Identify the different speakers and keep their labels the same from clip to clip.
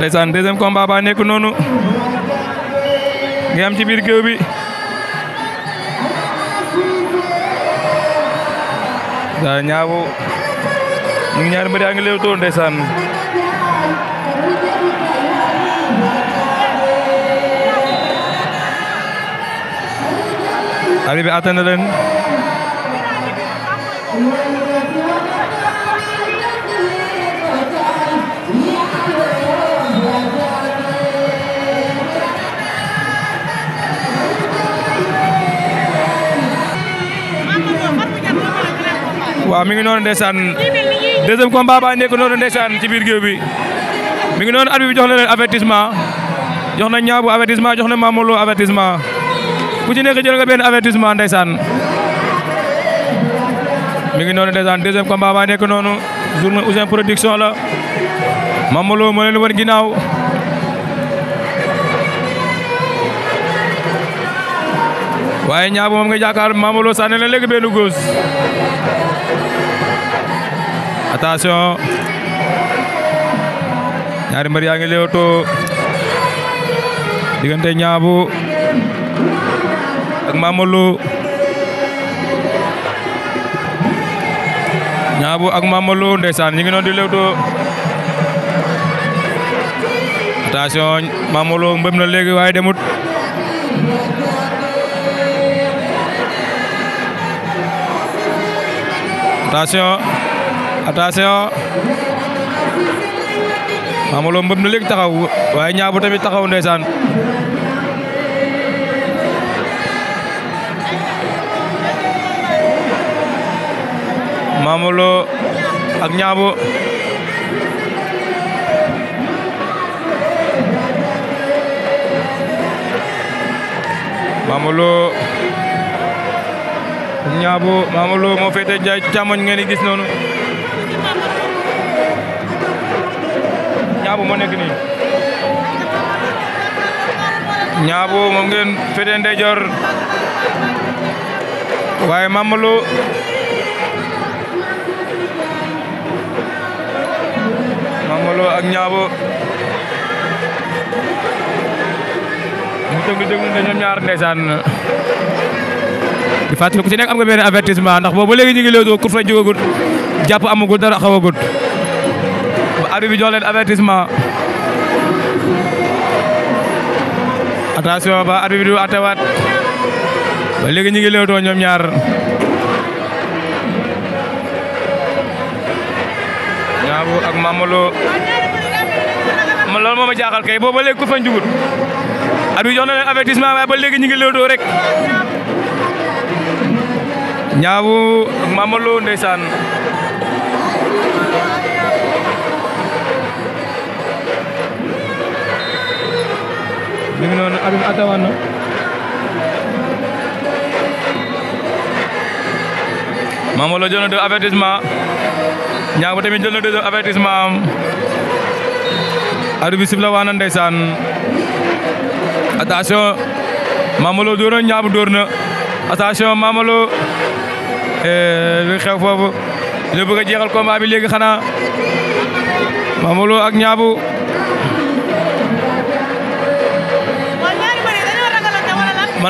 Speaker 1: ndeysaan deuxième combat ba nekk noonu ngi ci biir géew bi da ñaabu ñu ngi ñaari mbëri a ngi toon ndeysaan abi bi atana waaw mi ngi noonu ndeysaan deuxième combat ba nekk noonu ndeysaan ci biir géew bi mi noonu at bi jox na leen avertissement jox na ñaabu avertissement jox na Mamolo avertissement ku ci nekk jël nga benn avertissement ndeysaan mi ngi noonu ndeysaan deuxième combat ba nekk noonu journée Ouzin production la Mamolo moo leen wan ginnaaw waaye ñaabu moom nga jàkkaar Mamolo sànni na léegi benn góos attention ñaari mbër yaa ngi léewtoo diggante ñaabu ak Mamadou ñaabu ak Mamadou ndeysaan ñu ngi noonu di léewtoo attention Mamadou mbëm na léegi waaye demut attention attention Mama Lo mbëb na léegi taxaw waaye tamit taxaw ndeysaan Mama Lo ak ñaabu Mama Lo ñaabu Mama moo féete jaay càmmoñ ngeen di gis noonu ñaabu moo nekk nii ñaabu moom ngeen féete ndeyjoor waaye Mamadou Mamadou ak ñaabu mu déglu déglu ne ñoom ñaar ndeysaan di fàttali ku ci nekk am nga benn avertissement ndax boobu ba léegi ñu ngi léegi coup franc jàpp amagut dara xawagut arbitre bi jox leen ñu ngi leewtoo ñoom ñaar ñaabu ak Mamalo man loolu moo ma jaaxal kay boobu ba ku fañ jugut arbitre bi jox na leen avertissement waaye ba léegi ñu ngi leewtoo rek ñaabu ak mi ngi noonu Habib atawaan na Mama Lo jël na deux avertissement tamit jël na deuxième avertissement am arbitre bi sifla waa na ndeysaan attention Mama Lo dóor na ñaar bu dóor na eh, xew foofu ñu bëgg jeexal combat bi léegi xanaa Mama Lo ak ñaabu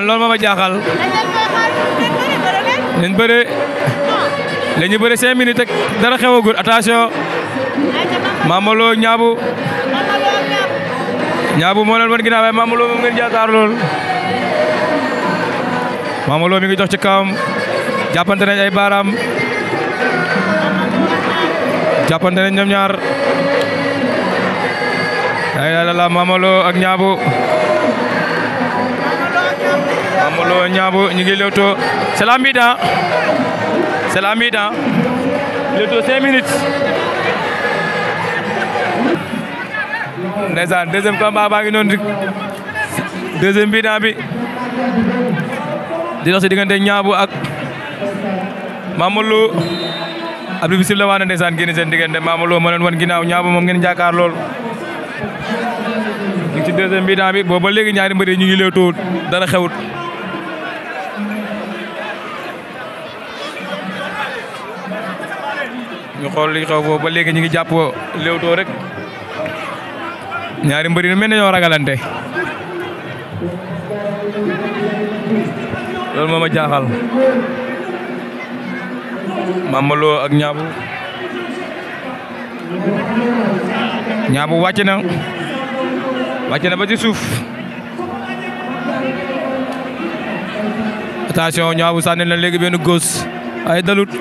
Speaker 1: man loolu moo ma jaaxal. nañ bëre la ñu bëre cinq minutes ak dara xewagul attention Mama Lo ñaabu ñaabu moo leen wan ginnaaw waaye Mama Lo moom ngeen jaataar lool Mama Lo mi ngi jox ci kawam jàppante nañ ay baaraam jàppante nañ ñoom ñaar ay la la Mama Lo ak ñaabu Lo Niang ñu ngi lewtoo c'est la mi-temps c'est la minutes ndeysaan deuxième combat baa ngi noonu deuxième bi di dox si ak Mama Lo abdi bi sib la waane ndeysaan génn seen diggante Mama Lo wan ginnaaw Niang Bou moom ngeen jàkkaar lool ñu ngi ci deuxième mi booba léegi ñaari mbër yi ñu ngi dara xewut ñu xool li xew foofu ba léegi ñu ngi jàpp Leewtoo rek ñaari mbëri mel nañoo ragalante loolu moo ma jaaxal Mama Lo ak ñaabu ñaabu wàcc na wàcc na ba ci suuf attention ñaabu sànni na léegi benn góos ay dalut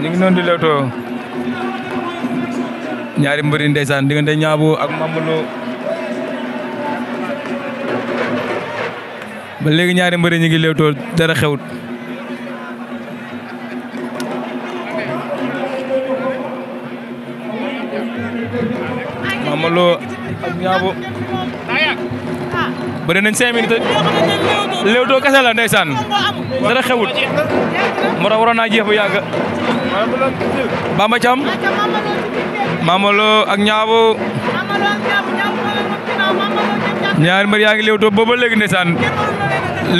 Speaker 1: ñu ngi noonu di leewtoo ñaari mbëri ndeysaan diggante ñaabu ak Mamadou ba léegi ñaari mbëri ñu ngi leewtoo dara xewut Mamadou ñaabu bëri na cinq minutes leewtoo kese la dara xewut moo tax waroon naa jeex bu Bamba Thiam Mamalo ak Ñaabo ñaari mbër yaa ngi léewtoo booba léegi ndeysaan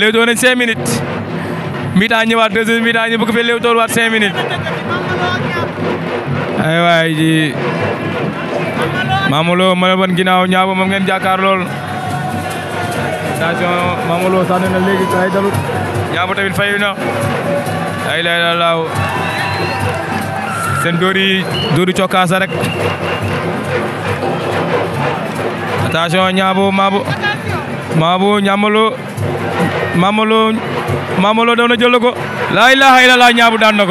Speaker 1: léewtoo nañ cinq minutes mi-temps ñëwaat deux heures mi-temps ñu bëgg fee waat cinq minutes ay waay ji Mamalo ma la wan ginnaaw Ñaabo moom ngeen jàkkaar lool station Mamalo sànni na na ay lay la seen dóori dóori cokkaasa rek attention ñaabo maabo maabo ñamalo mamalo mamalo daw jël ko laa ilaaha illallaah ñaabu daan na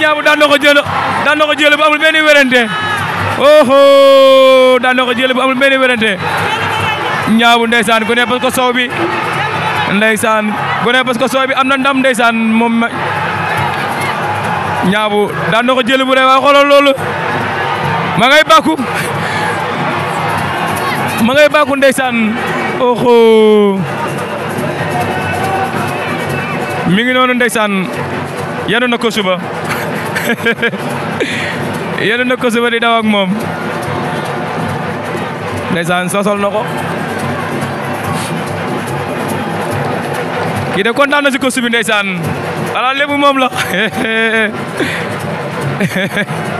Speaker 1: ñaabu oh, daan na ko jël daan na ko ñaabu ndeysaan gone parce que soow gone parce que am na ndam ndeysaan ñaabu daan na ko bu rëy waaye xoolal loolu ma ngay bàkku ma ngay bàkku ndeysaan oxo mi ngi noonu ndeysaan yanu na ko suba na ko suba di daw ak moom ndeysaan sosol na ko kii de na si ko subi ndeysaan xanaa lépp moom la